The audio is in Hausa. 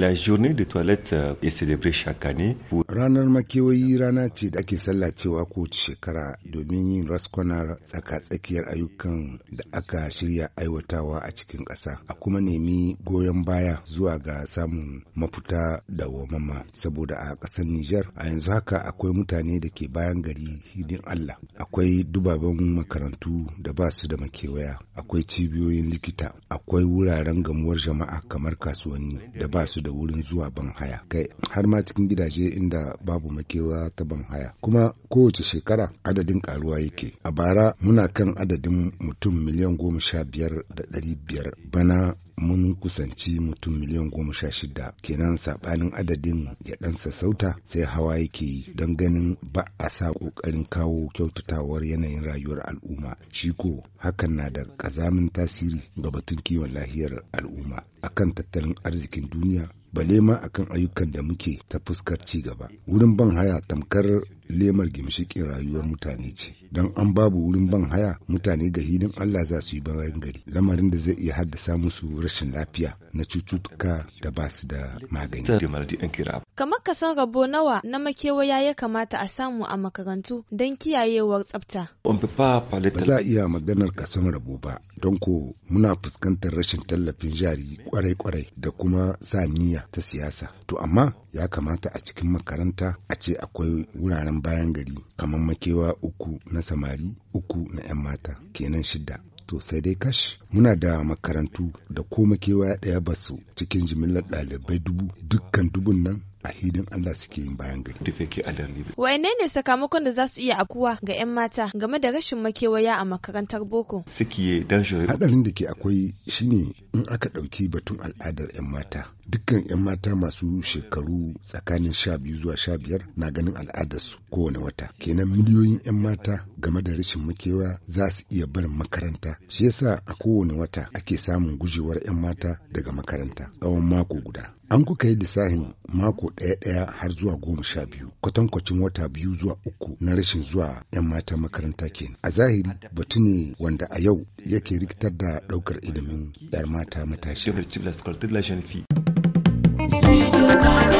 La journée de toilette euh, est célébrée chaque année. Ranar makewayi rana ce da ake sallacewa ko shekara domin yin raskwana tsaka-tsakiyar ayyukan da aka shirya aiwatawa a cikin ƙasa. A kuma nemi goyon baya zuwa ga samun mafuta da wamama saboda a ƙasar Nijar a yanzu haka akwai mutane da ke bayan gari hidin Allah. Akwai dubaban makarantu da ba su da makewaya. Akwai cibiyoyin likita. Akwai wuraren gamuwar jama'a kamar kasuwanni da ba su da da wurin zuwa ban haya kai har ma cikin gidaje inda babu makewa ta ban haya kuma kowace shekara adadin karuwa yake a bara muna kan adadin mutum miliyan goma sha biyar da ɗari biyar bana mun kusanci mutum miliyan goma sha shida kenan saɓanin adadin ya ɗan sassauta sai hawa yake yi don ganin ba a sa ƙoƙarin kawo kyautatawar yanayin rayuwar al'umma shi ko hakan na da ƙazamin tasiri ga batun kiwon lahiyar al'umma akan tattalin arzikin duniya bale ma akan ayyukan da muke ta fuskar ci gaba wurin ban haya tamkar lemar gimshikin rayuwar mutane ce don an babu wurin ban haya mutane ga hidin Allah za su yi bayan gari lamarin da zai iya haddasa musu rashin lafiya na cututtuka da ba su da magani. Kamar kasan rabo nawa na makewaya ya kamata a samu a makarantu don kiyayewar tsafta. Ba za a iya maganar kasan rabo ba don ko muna fuskantar rashin tallafin jari kwarai-kwarai da kuma sa niyya ta siyasa. To amma ya kamata a cikin makaranta a ce akwai wuraren bayan gari kamar makewa uku na samari uku na 'yan mata kenan shidda to sai dai kash muna da makarantu da ko makewa ɗaya basu cikin jimillar ɗalibai dubu dukkan dubun nan a hidin Allah suke yin bayan gari. Wane ne sakamakon da za su iya akuwa ga 'yan mata game da rashin makewaya a makarantar boko? Hadarin da ke akwai shine in aka ɗauki batun al'adar 'yan mata dukkan 'yan mata masu shekaru tsakanin sha biyu zuwa sha biyar na ganin al'adarsu kowane wata kenan miliyoyin 'yan mata game da rashin makewa za su iya barin makaranta shi yasa a kowane wata ake samun gujewar 'yan mata daga makaranta tsawon mako guda an kuka yi lissafin mako ɗaya ɗaya har zuwa goma sha biyu kwatankwacin wata biyu zuwa uku na rashin zuwa 'yan mata makaranta kenan a zahiri batu ne wanda a yau yake rikitar da ɗaukar ilimin 'yar mata matashi my God.